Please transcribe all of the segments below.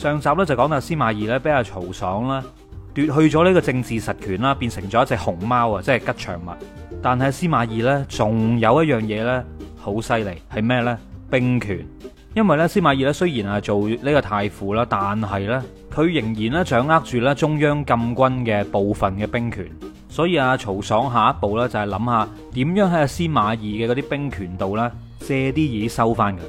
上集咧就講到，司馬懿咧俾阿曹爽啦奪去咗呢個政治實權啦，變成咗一隻熊貓啊，即係吉祥物。但係司馬懿呢仲有一樣嘢呢，好犀利，係咩呢？兵權。因為呢司馬懿呢雖然係做呢個太傅啦，但係呢，佢仍然呢掌握住呢中央禁軍嘅部分嘅兵權。所以阿曹爽下一步呢，就係諗下點樣喺阿司馬懿嘅嗰啲兵權度呢借啲嘢收翻佢。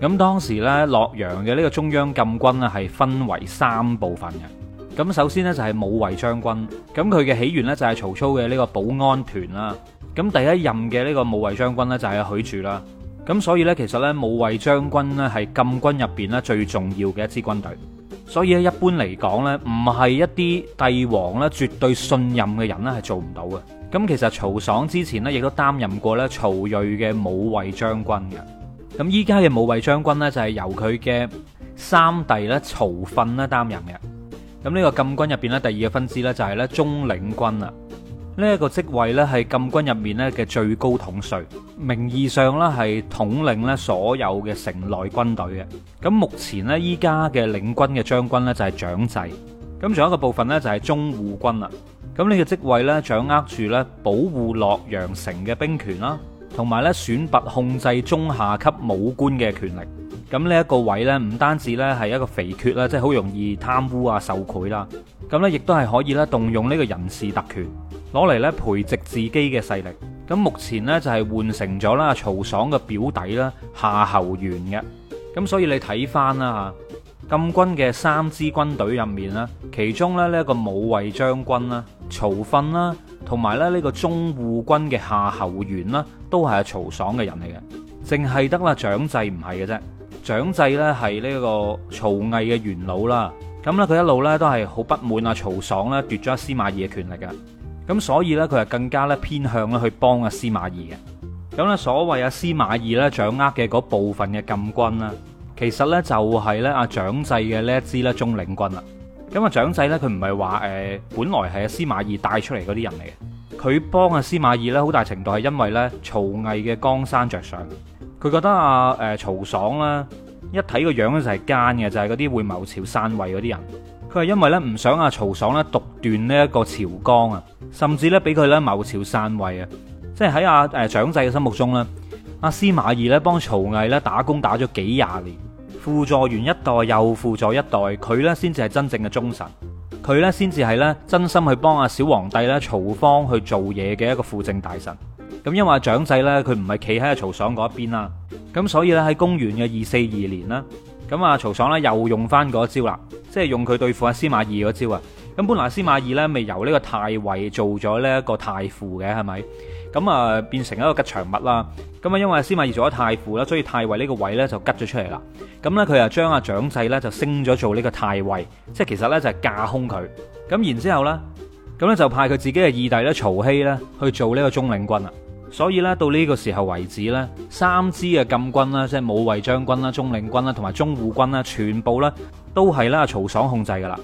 咁當時咧，洛陽嘅呢個中央禁軍啊，係分為三部分嘅。咁首先呢，就係武衛將軍，咁佢嘅起源呢，就係曹操嘅呢個保安團啦。咁第一任嘅呢個武衛將軍呢，就係許褚啦。咁所以呢，其實呢，武衛將軍呢係禁軍入邊呢最重要嘅一支軍隊。所以咧一般嚟講呢，唔係一啲帝王呢絕對信任嘅人呢係做唔到嘅。咁其實曹爽之前呢，亦都擔任過呢曹睿嘅武衛將軍嘅。咁依家嘅武衛將軍呢，就係由佢嘅三弟咧曹訓呢擔任嘅。咁、這、呢個禁軍入邊咧第二個分支咧就係咧中領軍啊。呢、這、一個職位咧係禁軍入面咧嘅最高統帥，名義上咧係統領咧所有嘅城內軍隊嘅。咁目前呢，依家嘅領軍嘅將軍呢，就係蔣濟。咁仲有一個部分呢，就係中護軍啊。咁呢個職位咧掌握住咧保護洛陽城嘅兵權啦。同埋咧，選拔控制中下級武官嘅權力，咁呢一個位咧，唔單止咧係一個肥缺啦，即係好容易貪污啊、受賄啦，咁咧亦都係可以咧動用呢個人事特權，攞嚟咧培植自己嘅勢力。咁目前呢，就係換成咗啦曹爽嘅表弟啦夏侯玄嘅，咁所以你睇翻啦吓，禁軍嘅三支軍隊入面咧，其中咧呢一個武衛將軍啦，曹訓啦。同埋咧呢個中護軍嘅下侯掾啦，都係阿曹爽嘅人嚟嘅，淨係得啦蔣濟唔係嘅啫。蔣濟咧係呢個曹魏嘅元老啦，咁呢，佢一路呢都係好不滿啊曹爽咧奪咗司馬懿嘅權力嘅，咁所以呢，佢係更加咧偏向咧去幫阿司馬懿嘅。咁呢，所謂啊司馬懿咧掌握嘅嗰部分嘅禁軍啦，其實呢就係呢阿蔣濟嘅呢一支咧中領軍啦。因為蔣濟咧，佢唔係話誒，本來係阿司馬懿帶出嚟嗰啲人嚟嘅，佢幫阿司馬懿咧好大程度係因為咧曹魏嘅江山着想，佢覺得阿、啊、誒、呃、曹爽咧一睇個樣咧就係奸嘅，就係嗰啲會謀朝篡位嗰啲人，佢係因為咧唔想阿曹爽咧獨斷呢一個朝綱啊，甚至咧俾佢咧謀朝篡位啊，即係喺阿誒蔣濟嘅心目中咧，阿、啊、司馬懿咧幫曹魏咧打工打咗幾廿年。輔助完一代又輔助一代，佢呢先至係真正嘅忠臣，佢呢先至係呢真心去幫阿小皇帝呢曹芳去做嘢嘅一個輔政大臣。咁因為阿長仔呢，佢唔係企喺阿曹爽嗰一邊啦，咁所以呢，喺公元嘅二四二年啦，咁阿曹爽呢又用返嗰招啦，即係用佢對付阿司馬懿嗰招啊！咁本來司馬懿咧未由呢個太尉做咗呢一個太傅嘅係咪？咁啊、呃、變成一個吉祥物啦。咁、嗯、啊因為司馬懿做咗太傅啦，所以太尉呢個位咧就吉咗出嚟啦。咁咧佢啊將阿蔣濟咧就升咗做呢個太尉，即係其實咧就係、是、架空佢。咁、嗯、然之後咧，咁咧就派佢自己嘅二弟咧曹羲咧去做呢個中領軍啦。所以咧到呢個時候為止咧，三支嘅禁軍啦，即係武衛將軍啦、中領軍啦、同埋中護軍啦，全部咧都係啦曹爽控制噶啦。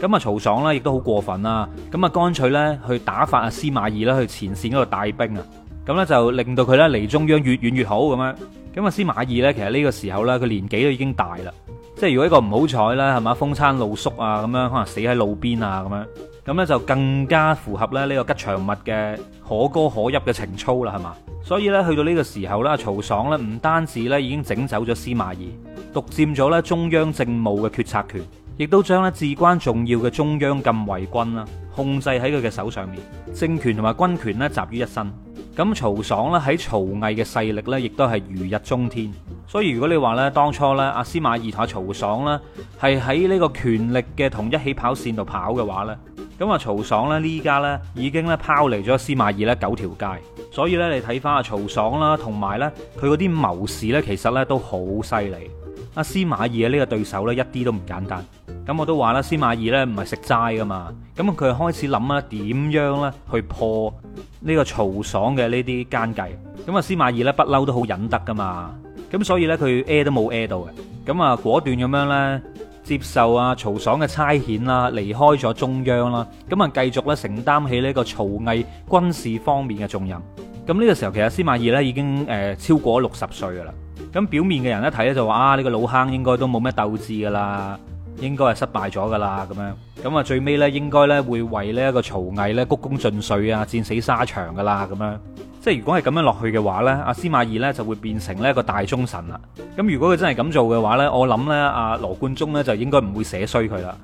咁啊，曹爽咧亦都好過分啦！咁啊，乾脆咧去打發阿司馬懿咧，去前線嗰度帶兵啊！咁咧就令到佢咧離中央越遠越好咁樣。咁啊，司馬懿咧其實呢個時候咧，佢年紀都已經大啦，即係如果一個唔好彩啦，係嘛，風餐露宿啊，咁樣可能死喺路邊啊，咁樣，咁咧就更加符合咧呢個吉祥物嘅可歌可泣嘅情操啦，係嘛？所以咧去到呢個時候咧，曹爽咧唔單止咧已經整走咗司馬懿，獨佔咗咧中央政務嘅決策權。亦都將咧至關重要嘅中央禁衛軍啦，控制喺佢嘅手上面，政權同埋軍權咧集於一身。咁曹爽咧喺曹魏嘅勢力咧，亦都係如日中天。所以如果你話咧當初咧阿司馬懿同阿曹爽咧係喺呢個權力嘅同一起跑線度跑嘅話呢，咁阿曹爽呢呢家咧已經咧拋離咗司馬懿咧九條街。所以咧你睇翻阿曹爽啦，同埋咧佢嗰啲謀士呢，其實咧都好犀利。阿司馬懿呢個對手呢，一啲都唔簡單，咁我都話啦，司馬懿呢唔係食齋噶嘛，咁佢開始諗啦，點樣呢去破呢個曹爽嘅呢啲奸計？咁啊司馬懿呢，不嬲都好忍得噶嘛，咁所以呢，佢挨都冇挨到嘅，咁啊果斷咁樣呢，接受阿曹爽嘅差遣啦，離開咗中央啦，咁啊繼續呢，承擔起呢個曹魏軍事方面嘅重任。咁呢個時候其實司馬懿呢已經誒超過六十歲噶啦。咁表面嘅人一睇咧就話啊呢、呢個老坑應該都冇咩鬥志噶啦，應該係失敗咗噶啦咁樣，咁啊最尾呢應該呢會為呢一個曹魏呢鞠，鞠躬盡瘁啊戰死沙場噶啦咁樣，即係如果係咁樣落去嘅話呢，阿司馬懿呢就會變成呢一個大忠臣啦。咁如果佢真係咁做嘅話呢，我諗呢，阿、啊、羅貫中呢就應該唔會寫衰佢啦。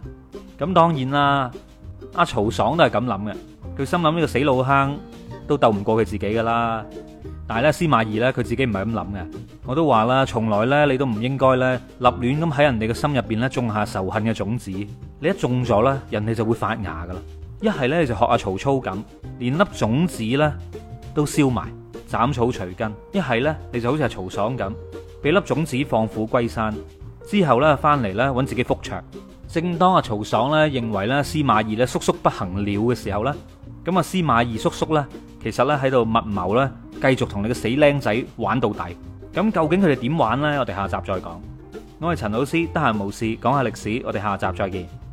咁當然啦，阿、啊、曹爽都係咁諗嘅，佢心諗呢個死老坑都鬥唔過佢自己噶啦。但係咧，司馬懿咧，佢自己唔係咁諗嘅。我都話啦，從來咧，你都唔應該咧立亂咁喺人哋嘅心入邊咧種下仇恨嘅種子。你一種咗咧，人哋就會發芽噶啦。一係咧就學阿曹操咁，連粒種子咧都燒埋，斬草除根；一係咧你就好似阿曹爽咁，俾粒種子放虎歸山之後咧，翻嚟咧搵自己覆牆。正當阿曹爽咧認為咧司馬懿咧叔叔不行了嘅時候咧，咁啊司馬懿叔叔咧其實咧喺度密謀咧。繼續同你個死僆仔玩到底。咁究竟佢哋點玩呢？我哋下集再講。我係陳老師，得閒無事講下歷史，我哋下集再見。